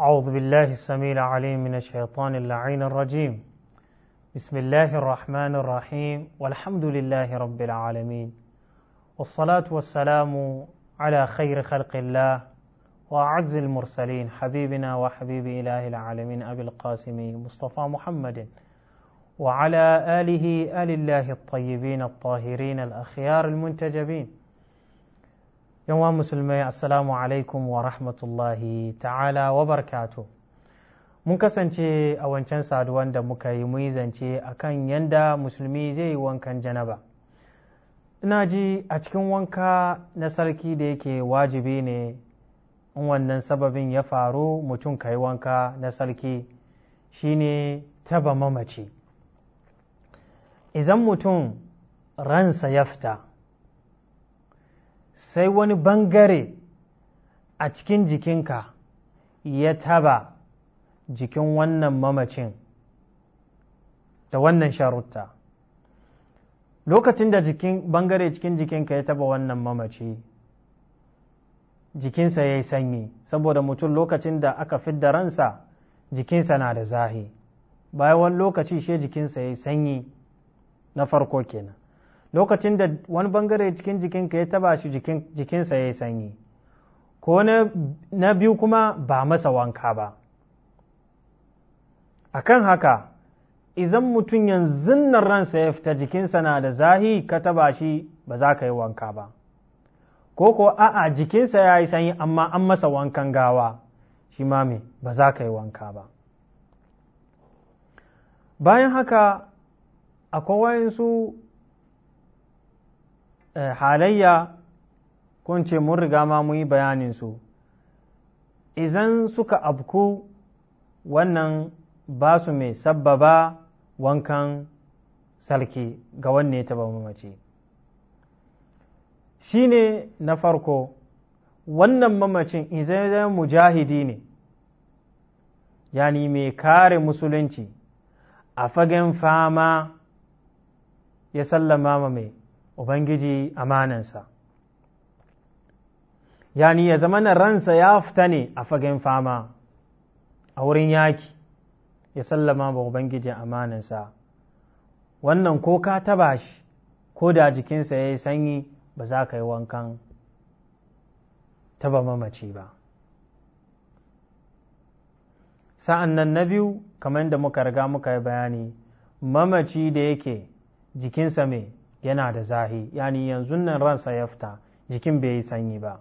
أعوذ بالله السميع العليم من الشيطان اللعين الرجيم بسم الله الرحمن الرحيم والحمد لله رب العالمين والصلاة والسلام على خير خلق الله وأعز المرسلين حبيبنا وحبيب إله العالمين أبي القاسم مصطفى محمد وعلى آله آل الله الطيبين الطاهرين الأخيار المنتجبين wa musulmai assalamu alaikum wa rahmatullahi ta'ala wa barkato mun kasance a wancan saduwan da muka yi muyi zance a kan yanda musulmi zai yi wankan janaba ina ji a cikin wanka na sarki da yake wajibi ne in wannan sababin ya faru mutum ka yi wanka na sarki ne taba mamaci idan mutum ransa ya sai wani bangare a cikin jikinka ya taba jikin wannan mamacin da wannan sharutta lokacin da jikin bangare cikin jikinka ya taba wannan mamaci jikinsa ya yi sanyi saboda mutum lokacin da aka fidda ransa jikinsa na da zahi bayan wani lokaci shi jikinsa ya yi sanyi na farko kenan lokacin da wani bangare cikin jikinka ya taba shi jikinsa ya yi sanyi ko na biyu kuma ba masa wanka ba a kan haka idan mutum yanzu nan ransa ya fita jikinsa na da zahi ka taba shi ba za ka yi wanka ba ko ko a'a jikinsa ya yi sanyi amma an masa wankan gawa shi ma me ba za ka yi wanka ba bayan haka akwai wayansu Eh, halayya kun ce mun riga ma mu yi bayaninsu idan suka abku wannan ba su mai sabbaba wankan sarki ga wanne ta ba mamaci shi ne na farko wannan mamacin izai mujahidi ne yani mai kare musulunci a fagen fama ya sallama mai ubangiji amanansa yani ya zama na ransa ya fita ne a fagen fama a wurin yaki ya sallama ba ubangiji amanansa wannan ko ka taba shi ko da jikinsa ya yi sanyi ba za ka yi wankan taba mamaci ba sa'an nan na biyu kamar da muka riga muka yi bayani mamaci da yake jikinsa mai yana da zahi yani yanzu nan ransa ya fita jikin bai yi sanyi ba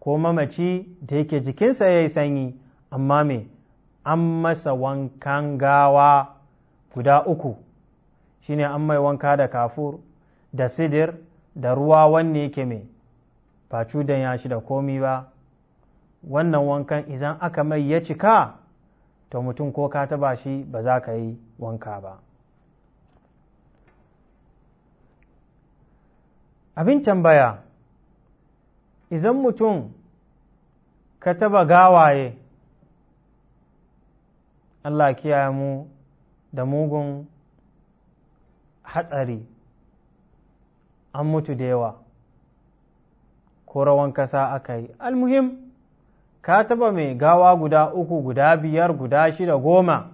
ko mamaci da yake jikinsa ya yi sanyi amma me an masa wankan gawa guda uku shine an mai wanka da kafur da sidir da ruwa wanne yake me ba cudan ya shi da komi ba wannan wankan idan aka mai ya cika to mutum ko ka taba shi ba za ka yi wanka ba abin tambaya idan mutum ka taba gawaye Allah kiyaye mu da mugun hatsari an mutu da yawa ko rawan kasa aka yi almuhim ka taba mai gawa guda uku guda biyar guda shida goma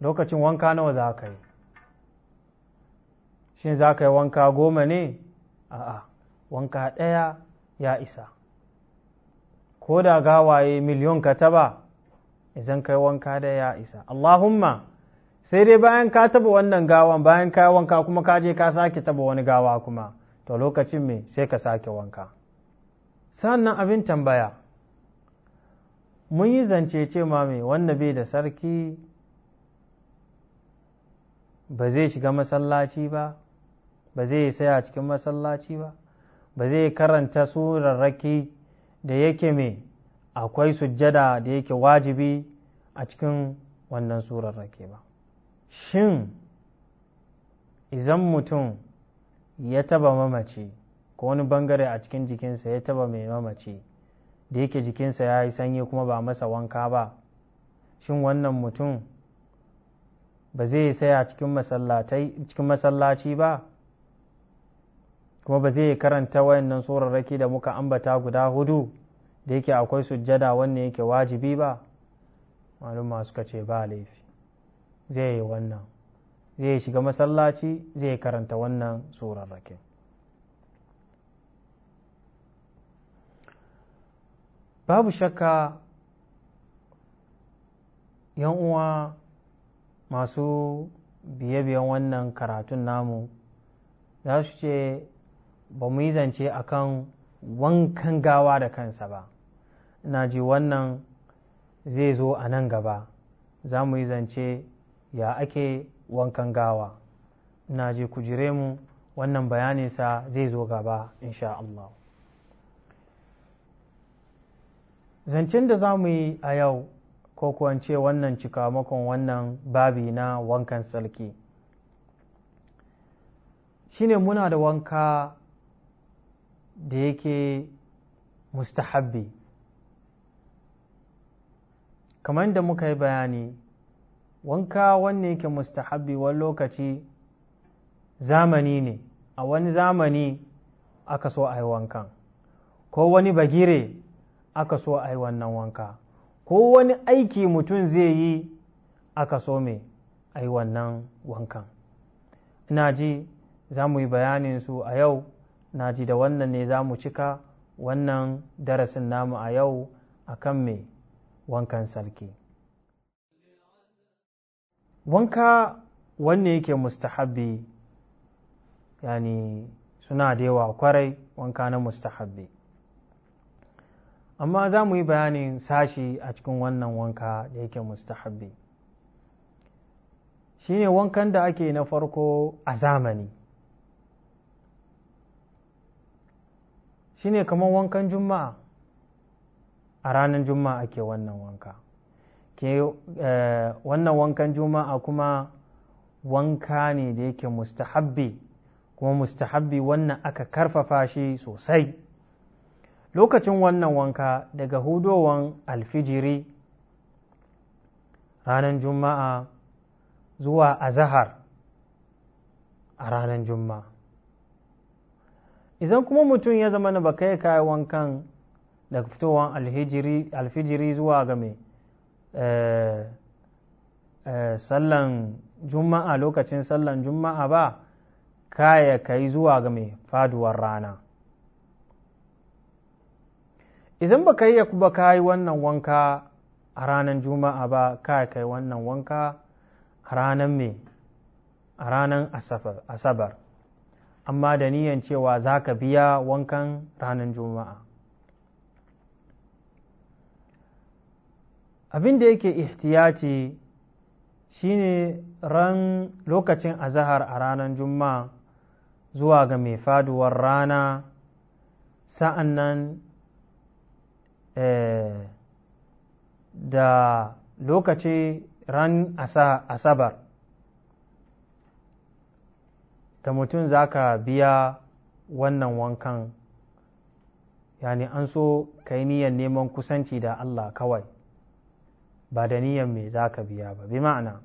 lokacin wanka nawa za ka yi shin za ka yi wanka goma ne a'a wanka ɗaya ya isa ko da gawaye miliyon ka taba idan yi wanka da ya isa allahumma sai dai bayan ka taba wannan gawan bayan ka yi wanka kuma ka je ka sake taba wani gawa kuma to lokacin me sai ka sake wanka sannan abin tambaya mun yi zance ce ma me wanda bai da sarki ba zai shiga masallaci ba ba zai saya cikin masallaci ba ba zai karanta surarraki da yake mai akwai sujjada da yake wajibi a cikin wannan surarraki ba shin izan mutum ya taba mamaci ko wani bangare a cikin jikinsa ya taba mai mamaci da yake jikinsa ya yi sanyi kuma ba masa wanka ba shin wannan mutum ba zai saya cikin masallaci ba kuma ba zai karanta wayannan tsorarraki da muka ambata guda hudu da yake akwai sujjada wanne yake wajibi ba maluma suka ce ba laifi zai yi wannan zai shiga masallaci zai karanta wannan tsorarrakin babu shakka yan uwa masu biye-biyen wannan karatun namu za su ce ba mu yi zance a kan wankan gawa da kansa ba na ji wannan zai zo a nan gaba za mu yi zance ya ake wankan gawa na ji kujire mu wannan bayaninsa zai zo gaba insha Allah zancen da za mu yi a yau ko kwance wannan cikamakon wannan babi na wankan salki shine muna da wanka da yake mustahabbi kamar da muka yi bayani wanka wanne yake mustahabbi wani lokaci zamani ne a wani zamani aka so a yi wankan ko wani bagire aka so a yi wannan wanka ko wani aiki mutum zai yi aka so mai a yi wannan wankan ina ji za mu yi bayanin su a yau na ji da wannan ne za mu cika wannan darasin namu a yau a kan mai wankan sarki wanka wanne yake mustahabbi yani suna da yawa kwarai wanka na mustahabbi amma za mu yi bayanin sashi a cikin wannan wanka da yake mustahabbi Shi ne wankan da ake na farko a zamani shine kamar wankan juma'a a ranar juma'a ake wannan wanka ke eh, wannan wankan juma'a kuma wanka ne da yake mustahabbi kuma mustahabbi wannan aka karfafa shi sosai lokacin wannan wanka daga hudowan alfijiri ranar juma'a zuwa azahar a ranar juma'a idan kuma mutum ya zama na ba kai kayi wankan da fitowar alfijiri zuwa ga mai eh, eh, sallan juma'a lokacin sallan juma'a ba kaya kai zuwa ga mai faduwar rana idan ba ka yi ba ka yi wannan wanka a ranar juma'a ba kaya kai wannan wanka a ranar mai a ranar asabar amma da niyan cewa za ka biya wankan ranar juma'a abin da yake ihtiyaci shine ran lokacin azahar a ranar juma'a zuwa ga mai faduwar rana sa'an nan eh, da lokaci ran asabar da mutum za ka biya wannan wankan yani an so ka yi niyan neman kusanci da Allah kawai ba da niyan mai za ka biya ba bi ma'ana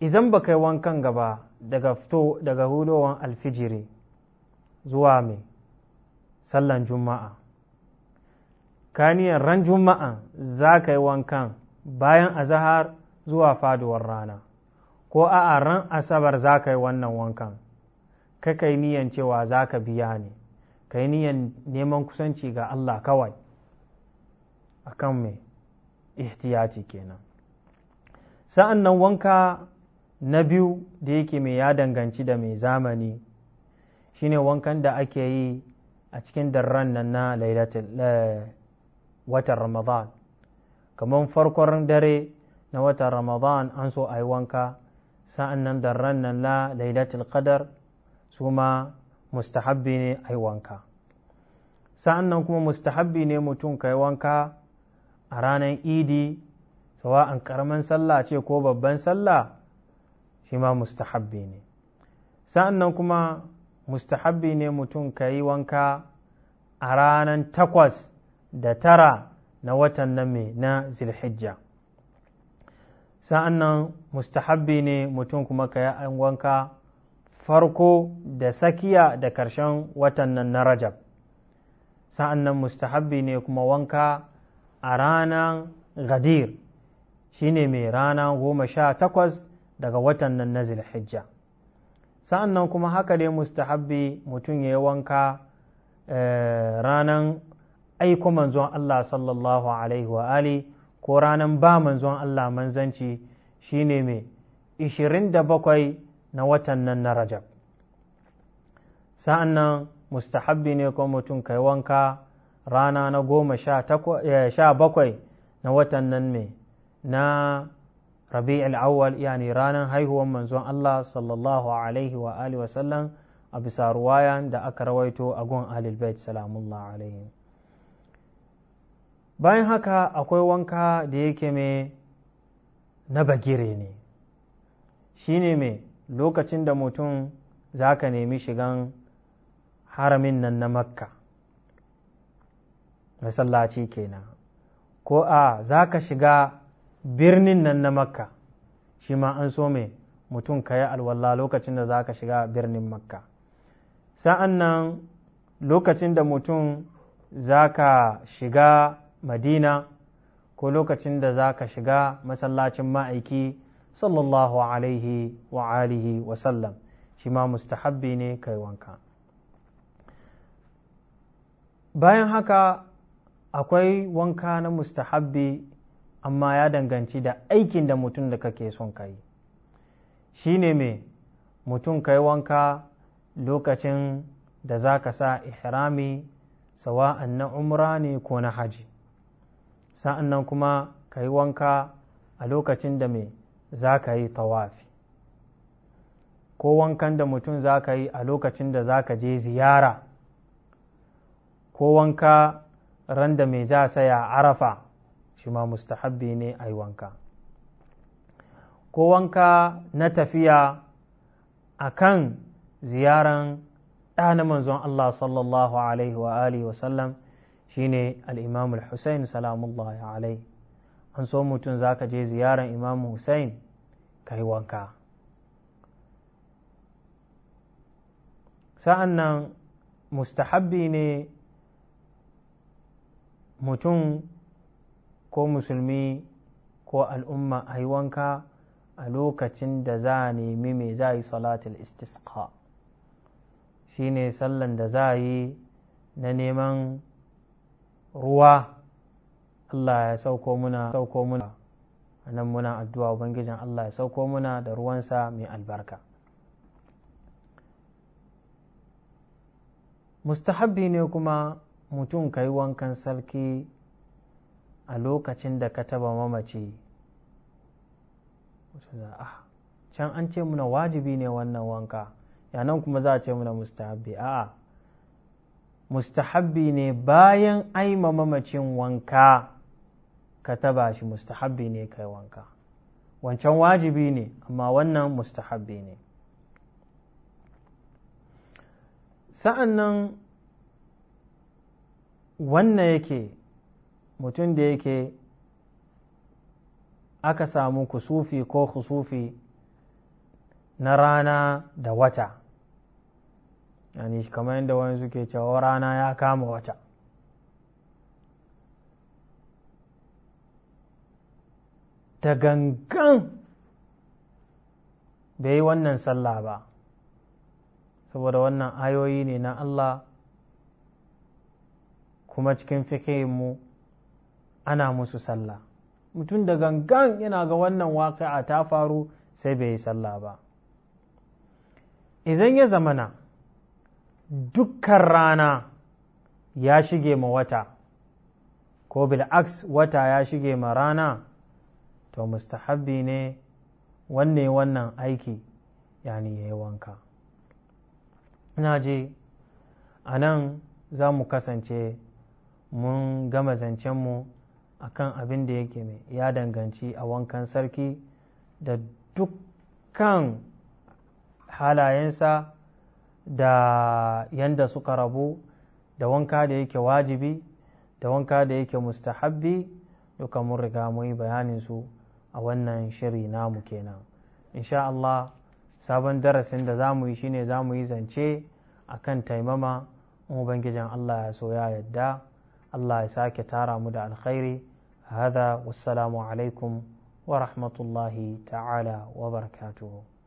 idan ba kai wankan gaba daga fito daga hulowan alfijiri zuwa mai sallan juma'a Ka niyan ran juma'a za ka yi wankan bayan azahar zuwa faduwar rana ko a ran asabar za ka yi wannan wankan ka kai niyan cewa za ka biya ne ka yi niyan neman kusanci ga Allah kawai a kan mai ihtiyaci kenan sa'an nan wanka na biyu da yake mai ya danganci da mai zamani shine wankan da ake yi a cikin darren nan na eh, watan ramadan kamar farkon dare na watan ramadan an so a yi wanka sa'an nan da rannan la lailatul qadar su ma mustahabbi ne a yi wanka sa'an nan kuma mustahabbi ne mutum ka yi wanka a ranar idi sawa'an karamin sallah ce ko babban sallah shi ma mustahabbi ne sa'an nan kuma mustahabbi ne mutum ka yi wanka a ranar takwas da tara na watan nan mai na zilhijja sa'an nan mustahabbi ne mutum kuma ka yi wanka farko da sakiya da ƙarshen watan nan na rajab sa'an nan mustahabbi ne kuma wanka a ranar gadir shi ne mai rana goma sha takwas daga watan nan na zilhijja sa'an nan kuma haka dai mustahabbi mutum ya yi wanka eh, ranar aiko manzon Allah sallallahu alaihi wa alihi ko ranar ba manzon Allah manzanci shine mai 27 na watan nan na rajab sa'an nan mustahabbi ne ko mutum kai wanka rana na goma sha eh, bakwai na watan nan mai na rabi'ul awwal yani ranar haihuwan manzon Allah sallallahu alaihi wa alihi wasallam a bisa ruwayan da aka rawaito a gun alil bait alaihi bayan haka akwai wanka da yake mai na bagire ne shi ne mai lokacin da mutum za ka nemi shigan haramin nan na makka masallaci kenan ko a za ka shiga birnin nan na makka shi ma an so mai mutum ka yi alwallah lokacin da za ka shiga birnin makka sa'an nan lokacin da mutum za ka shiga madina ko lokacin da za ka shiga masallacin ma'aiki sallallahu alaihi wa alihi wa sallam shi ma mustahabbi ne kai wanka bayan haka akwai wanka na mustahabbi amma ya danganci da aikin da mutum da kake son ka yi shi ne mai mutum ka yi wanka lokacin da za ka sa ihrami sawa'an na umra ne ko na haji sa'an nan kuma ka yi wanka a lokacin da mai za ka yi tawafi ko wankan da mutum za ka yi a lokacin da za ka je ziyara ko wanka ran da mai za saya arafa shi ma mustahabbi ne a yi wanka ko wanka na tafiya a kan ziyaran ɗa na manzon Allah sallallahu alaihi wa alihi wasallam shine al-imam al-husain alai an so mutum zaka je ziyaran imam husain kai wanka sa'an nan mustahabbi ne mutum ko musulmi ko al'umma a yi wanka a lokacin da za a nemi mai za yi salatul istisqa shine sallan da za a yi na neman ruwa Allah ya sauko muna sauko muna a nan muna addu'a ubangijin Allah ya sauko muna da ruwansa mai albarka mustahabbi ne kuma mutum ka yi wankan sarki a lokacin da ka taba mamaci ah can an ce muna wajibi ne wannan wanka yanan kuma za a ce muna mustahabbi a'a mustahabbi ne bayan aima mamacin wanka ka taba shi mustahabbi ne kai wanka wancan wajibi ne amma wannan mustahabbi ne sa'an nan wannan yake mutum da yake aka samu kusufi ko kusufi na rana da wata yani kamar yadda wani suke cewa rana ya kama wata ta gangan bai yi wannan sallah ba saboda wannan ayoyi ne na Allah kuma cikin mu ana musu sallah mutum da gangan yana ga wannan a ta faru sai bai yi sallah ba izan ya zamana dukkan rana ya shige ma wata ko bil bil'aks wata ya shige ma rana to mustahabbi ne wanne wannan aiki yani ya yi wanka ina je a nan za mu kasance mun gama zancenmu a kan abin da yake ya danganci a wankan sarki da dukkan halayensa da yanda suka rabu da wanka da yake wajibi da wanka da yake mustahabbi duka mun riga mun yi bayanin su a wannan shiri namu kenan insha Allah sabon darasin da za mu yi shine za mu yi zance a kan taimama ubangijin Allah ya so ya yadda Allah ya sake tara mu da alkhairi hada wassalamu alaikum wa rahmatullahi ta'ala wa